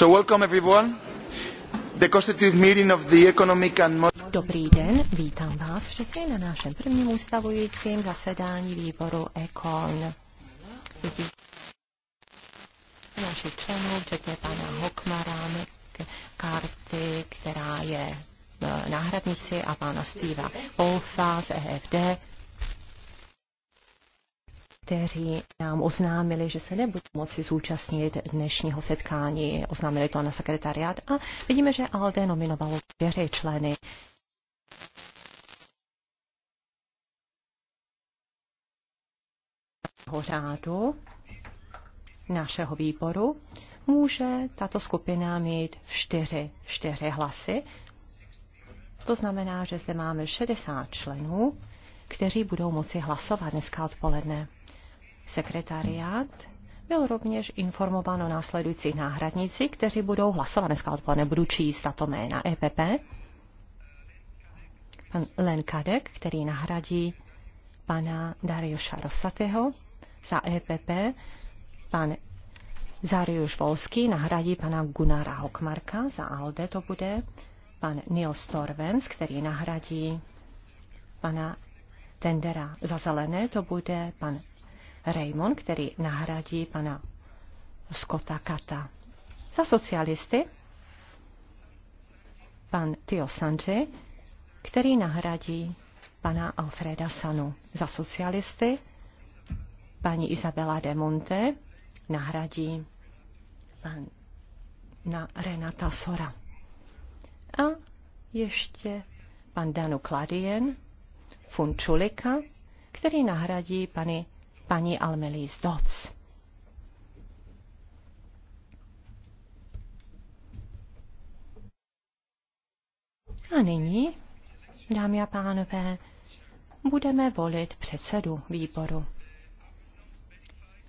welcome everyone. The constitutive meeting of the economic and Dobrý den, vítám vás všechny na našem prvním ustavujícím zasedání výboru ECON. Naši členů, včetně pana Hokmara, karty, která je náhradnici a pána Steva Olfa z EFD, kteří nám oznámili, že se nebudou moci zúčastnit dnešního setkání. Oznámili to na sekretariát a vidíme, že ALDE nominovalo čtyři členy. řádu našeho výboru může tato skupina mít čtyři, čtyři hlasy. To znamená, že zde máme 60 členů kteří budou moci hlasovat dneska odpoledne. Sekretariát byl rovněž informován o následujících náhradnici, kteří budou hlasovat dneska odpoledne. Budu číst tato jména EPP. Pan Len Kadek, který nahradí pana Dariuša Rosatého za EPP. Pan Zariuš Volský nahradí pana Gunara Hokmarka, za ALDE to bude pan Nils Torvens, který nahradí pana tendera. Za zelené to bude pan Raymond, který nahradí pana Scotta Kata. Za socialisty pan Tio Sanji, který nahradí pana Alfreda Sanu. Za socialisty paní Isabela de Monte nahradí pan na Renata Sora. A ještě pan Danu Kladien Funčulika, který nahradí pani, paní Almelis Doc. A nyní, dámy a pánové, budeme volit předsedu výboru.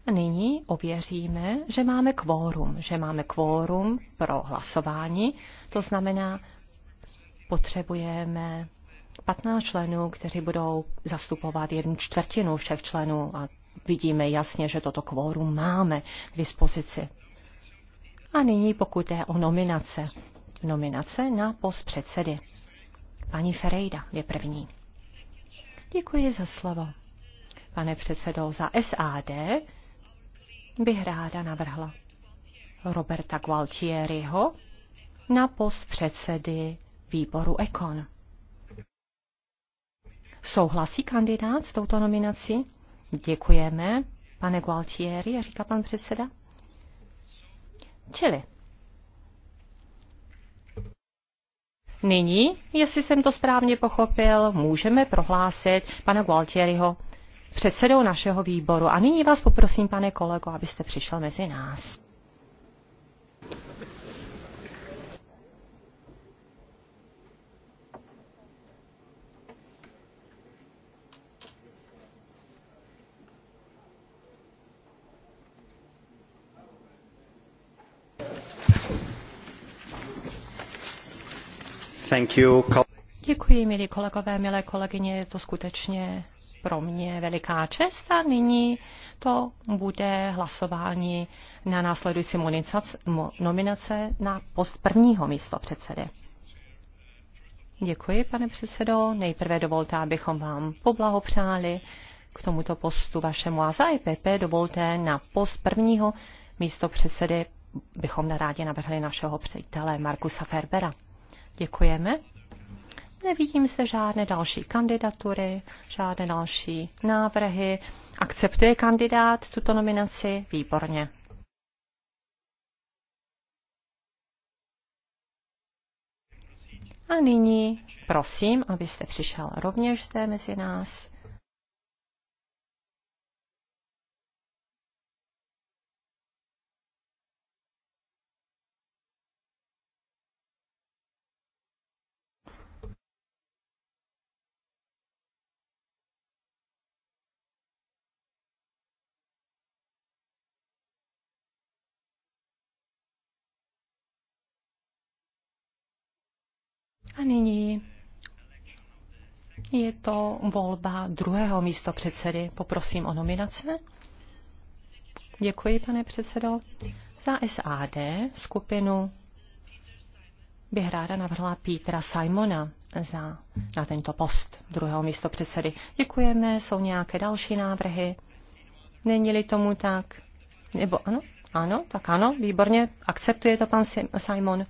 A nyní ověříme, že máme kvórum, že máme kvórum pro hlasování, to znamená, potřebujeme 15 členů, kteří budou zastupovat jednu čtvrtinu všech členů a vidíme jasně, že toto kvórum máme k dispozici. A nyní pokud je o nominace. Nominace na post předsedy. Paní Ferejda je první. Děkuji za slovo. Pane předsedo, za SAD bych ráda navrhla Roberta Gualtieriho na post předsedy výboru Ekon. Souhlasí kandidát s touto nominací? Děkujeme, pane Gualtieri, říká pan předseda. Čili. Nyní, jestli jsem to správně pochopil, můžeme prohlásit pana Gualtieriho předsedou našeho výboru. A nyní vás poprosím, pane kolego, abyste přišel mezi nás. Děkuji, milí kolegové, milé kolegyně, je to skutečně pro mě veliká čest a nyní to bude hlasování na následující nominace na post prvního místo předsedy. Děkuji, pane předsedo. Nejprve dovolte, abychom vám poblahopřáli k tomuto postu vašemu a za IPP e dovolte na post prvního místo předsedy bychom na rádi navrhli našeho přítele Markusa Ferbera. Děkujeme. Nevidím se žádné další kandidatury, žádné další návrhy. Akceptuje kandidát tuto nominaci? Výborně. A nyní prosím, abyste přišel rovněž zde mezi nás. A nyní je to volba druhého místo předsedy. Poprosím o nominace. Děkuji, pane předsedo. Za SAD skupinu bych ráda navrhla Petra Simona za, na tento post druhého místo předsedy. Děkujeme, jsou nějaké další návrhy? Není-li tomu tak? Nebo ano? Ano, tak ano, výborně, akceptuje to pan Simon.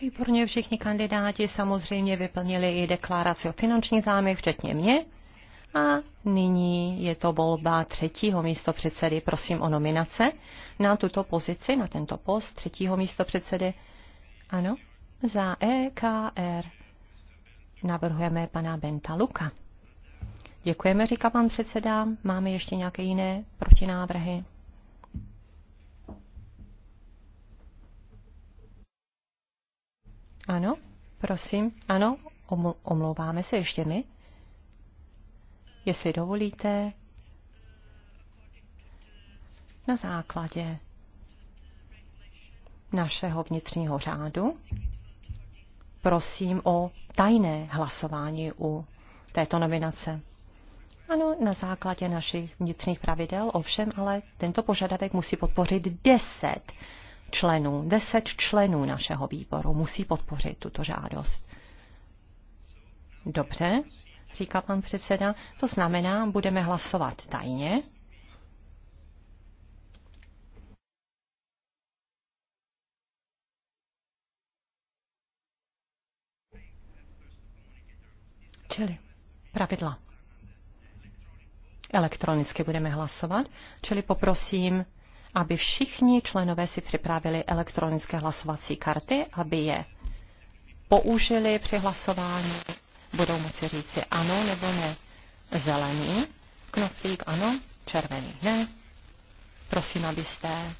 Výborně, všichni kandidáti samozřejmě vyplnili i deklaraci o finanční zájmy, včetně mě. A nyní je to volba třetího místo předsedy. Prosím o nominace na tuto pozici, na tento post třetího místo předsedy. Ano, za EKR navrhujeme pana Benta Luka. Děkujeme, říká pan předseda. Máme ještě nějaké jiné protinávrhy? Ano, prosím, ano, omlouváme se ještě my. Jestli dovolíte, na základě našeho vnitřního řádu prosím o tajné hlasování u této nominace. Ano, na základě našich vnitřních pravidel, ovšem ale tento požadavek musí podpořit deset členů, deset členů našeho výboru musí podpořit tuto žádost. Dobře, říká pan předseda, to znamená, budeme hlasovat tajně. Čili pravidla. Elektronicky budeme hlasovat, čili poprosím aby všichni členové si připravili elektronické hlasovací karty, aby je použili při hlasování. Budou moci říci ano nebo ne. Zelený, knoflík ano, červený ne. Prosím, abyste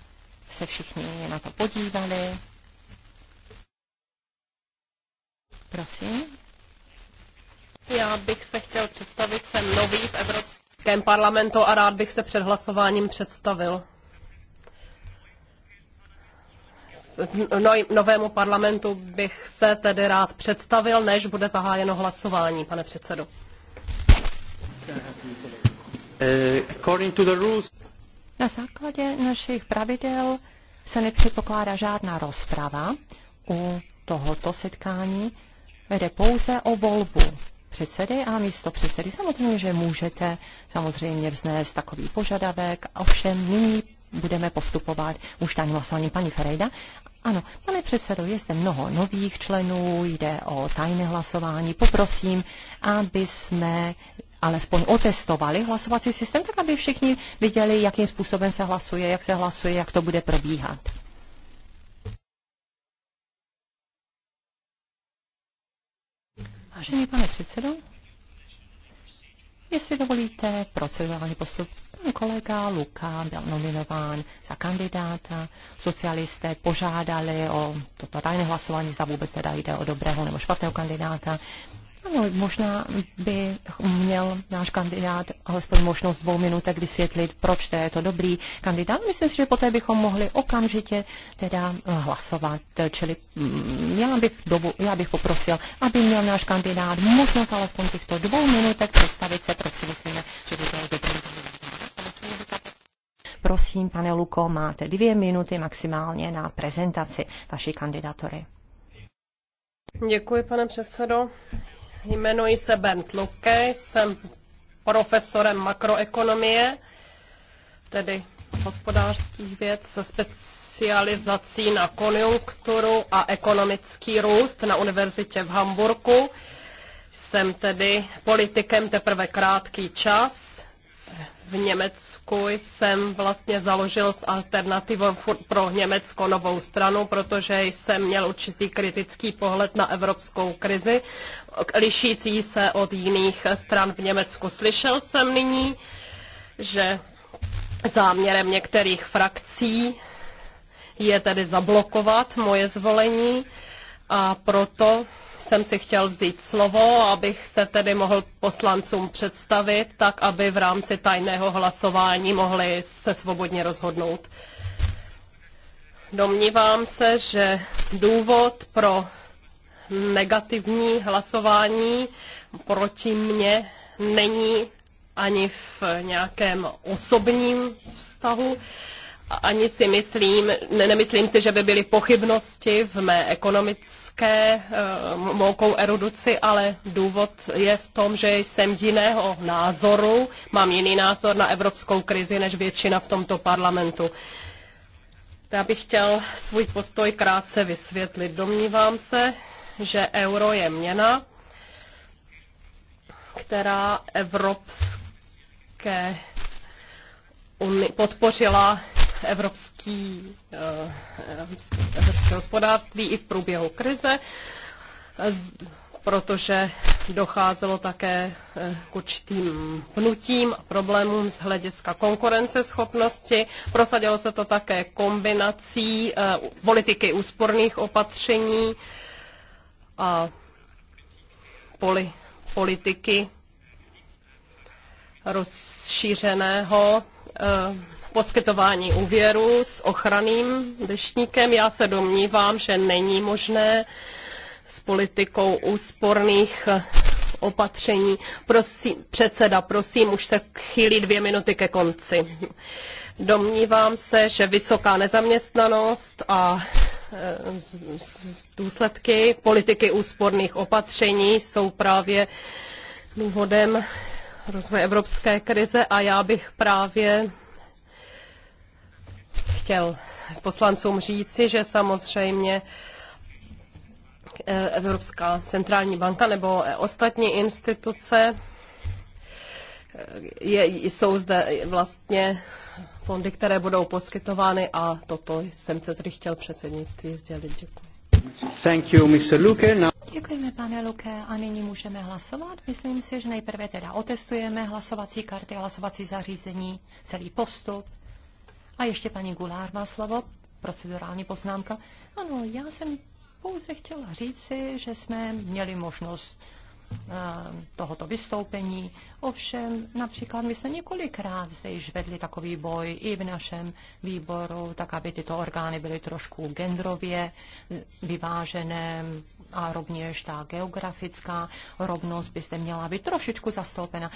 se všichni na to podívali. Prosím. Já bych se chtěl představit, jsem nový v Evropském parlamentu a rád bych se před hlasováním představil. novému parlamentu bych se tedy rád představil, než bude zahájeno hlasování, pane předsedo. Eh, Na základě našich pravidel se nepředpokládá žádná rozprava u tohoto setkání. Jde pouze o volbu předsedy a místo předsedy. Samozřejmě, že můžete samozřejmě vznést takový požadavek, ovšem nyní budeme postupovat už tak hlasování. Paní Ferejda, ano, pane předsedo, je zde mnoho nových členů, jde o tajné hlasování. Poprosím, aby jsme alespoň otestovali hlasovací systém, tak aby všichni viděli, jakým způsobem se hlasuje, jak se hlasuje, jak to bude probíhat. Vážený pane předsedo, Jestli dovolíte, procedurální postup. Pan kolega Luka byl nominován za kandidáta. Socialisté požádali o toto tajné hlasování, zda vůbec teda jde o dobrého nebo špatného kandidáta. Ano, možná by měl náš kandidát alespoň možnost dvou minutek vysvětlit, proč to je to dobrý kandidát. Myslím si, že poté bychom mohli okamžitě teda eh, hlasovat. Čili mm, já bych, dobu, já bych poprosil, aby měl náš kandidát možnost alespoň těchto dvou minutek představit se, proč si myslíme, že by to je dobrý Prosím, pane Luko, máte dvě minuty maximálně na prezentaci vaší kandidatury. Děkuji, pane předsedo. Jmenuji se Bernd Lucke. jsem profesorem makroekonomie, tedy hospodářských věd se specializací na konjunkturu a ekonomický růst na univerzitě v Hamburku. Jsem tedy politikem teprve krátký čas v Německu jsem vlastně založil s alternativou pro Německo novou stranu, protože jsem měl určitý kritický pohled na evropskou krizi, lišící se od jiných stran v Německu. Slyšel jsem nyní, že záměrem některých frakcí je tedy zablokovat moje zvolení a proto jsem si chtěl vzít slovo, abych se tedy mohl poslancům představit, tak aby v rámci tajného hlasování mohli se svobodně rozhodnout. Domnívám se, že důvod pro negativní hlasování proti mně není ani v nějakém osobním vztahu ani si myslím, ne, nemyslím si, že by byly pochybnosti v mé ekonomické eh, moukou eruduci, ale důvod je v tom, že jsem jiného názoru, mám jiný názor na evropskou krizi než většina v tomto parlamentu. Já bych chtěl svůj postoj krátce vysvětlit. Domnívám se, že euro je měna, která evropské podpořila Eh, evropský, evropské hospodářství i v průběhu krize, eh, protože docházelo také eh, k určitým pnutím a problémům z hlediska konkurenceschopnosti. Prosadilo se to také kombinací politiky úsporných opatření a poli, politiky rozšířeného poskytování úvěru s ochranným deštníkem. Já se domnívám, že není možné s politikou úsporných eh, opatření. Prosím, předseda, prosím, už se chýlí dvě minuty ke konci. Domnívám se, že vysoká nezaměstnanost a eh, důsledky politiky úsporných opatření jsou právě důvodem rozvoje evropské krize a já bych právě chtěl poslancům říci, že samozřejmě eh, Evropská centrální banka nebo eh, ostatní instituce eh, je, jsou zde vlastně fondy, které budou poskytovány a toto jsem se tedy chtěl předsednictví sdělit. Děkuji. Thank you, Mr. Luke. Now... Děkujeme, pane Luke, a nyní můžeme hlasovat. Myslím si, že nejprve teda otestujeme hlasovací karty a hlasovací zařízení, celý postup. A ještě paní Gulár má slovo, procedurální poznámka. Ano, já jsem pouze chtěla říci, že jsme měli možnost eh, tohoto vystoupení. Ovšem, například my jsme několikrát zde již vedli takový boj i v našem výboru, tak aby tyto orgány byly trošku genderově vyvážené a rovněž ta geografická rovnost by zde měla být trošičku zastoupena.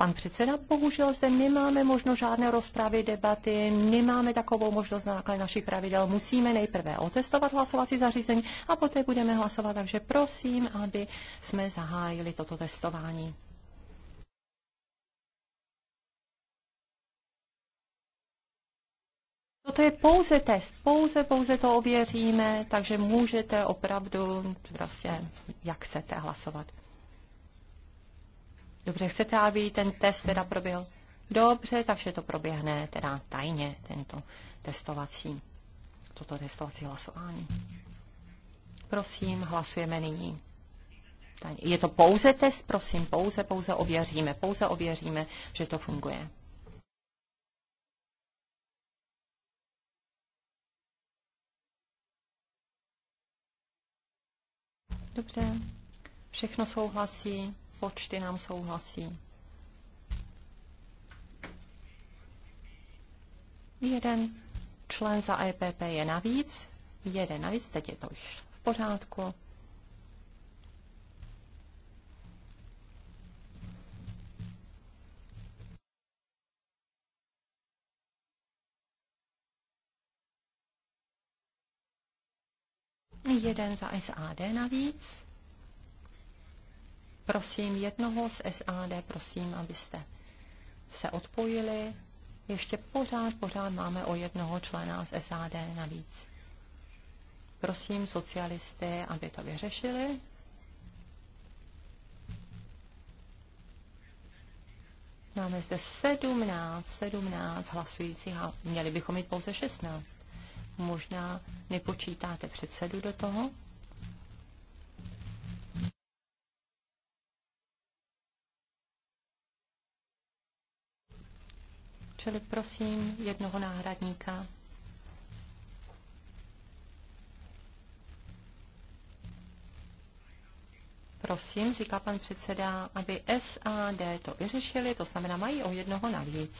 Pan předseda, bohužel zde nemáme možnost žádné rozpravy, debaty, nemáme takovou možnost na základě našich pravidel. Musíme nejprve otestovat hlasovací zařízení a poté budeme hlasovat, takže prosím, aby jsme zahájili toto testování. Toto je pouze test, pouze, pouze to ověříme, takže můžete opravdu prostě jak chcete hlasovat. Dobře, chcete, aby ten test teda proběhl? Dobře, takže to proběhne teda tajně, tento testovací, toto testovací hlasování. Prosím, hlasujeme nyní. Je to pouze test, prosím, pouze, pouze ověříme, pouze ověříme, že to funguje. Dobře, všechno souhlasí počty nám souhlasí. Jeden člen za EPP je navíc, jeden navíc, teď je to už v pořádku. Jeden za SAD navíc. Prosím jednoho z SAD, prosím, abyste se odpojili. Ještě pořád, pořád máme o jednoho člena z SAD navíc. Prosím socialisty, aby to vyřešili. Máme zde 17, 17 hlasujících a měli bychom mít pouze 16. Možná nepočítáte předsedu do toho? Čili prosím jednoho náhradníka. Prosím, říká pan předseda, aby SAD to vyřešili, to znamená, mají o jednoho navíc.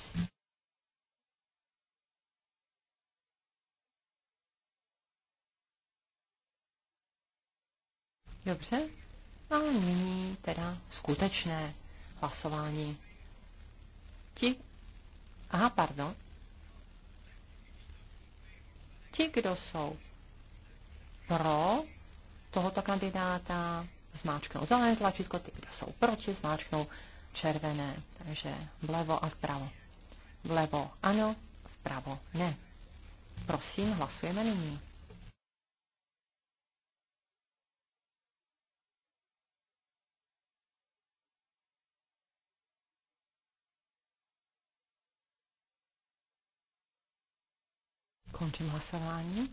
Dobře. A nyní teda skutečné hlasování. Ti, Aha, pardon. Ti, kdo jsou pro tohoto kandidáta, zmáčknou zelené tlačítko, ty, kdo jsou proti, zmáčknou červené. Takže vlevo a vpravo. Vlevo ano, vpravo ne. Prosím, hlasujeme nyní. Končím hlasování.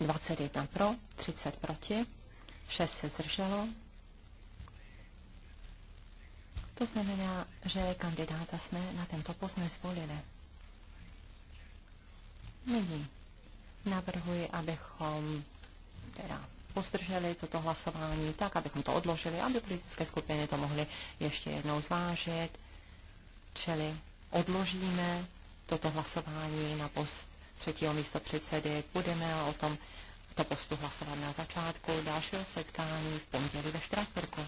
21 pro, 30 proti, 6 se zdrželo. To znamená, že kandidáta jsme na tento post nezvolili. Nyní navrhuji, abychom teda postrželi toto hlasování tak, abychom to odložili, aby politické skupiny to mohly ještě jednou zvážit, čili odložíme toto hlasování na post třetího místo předsedy. Budeme o tom to postu hlasovat na začátku dalšího setkání v pondělí ve Štrasburku.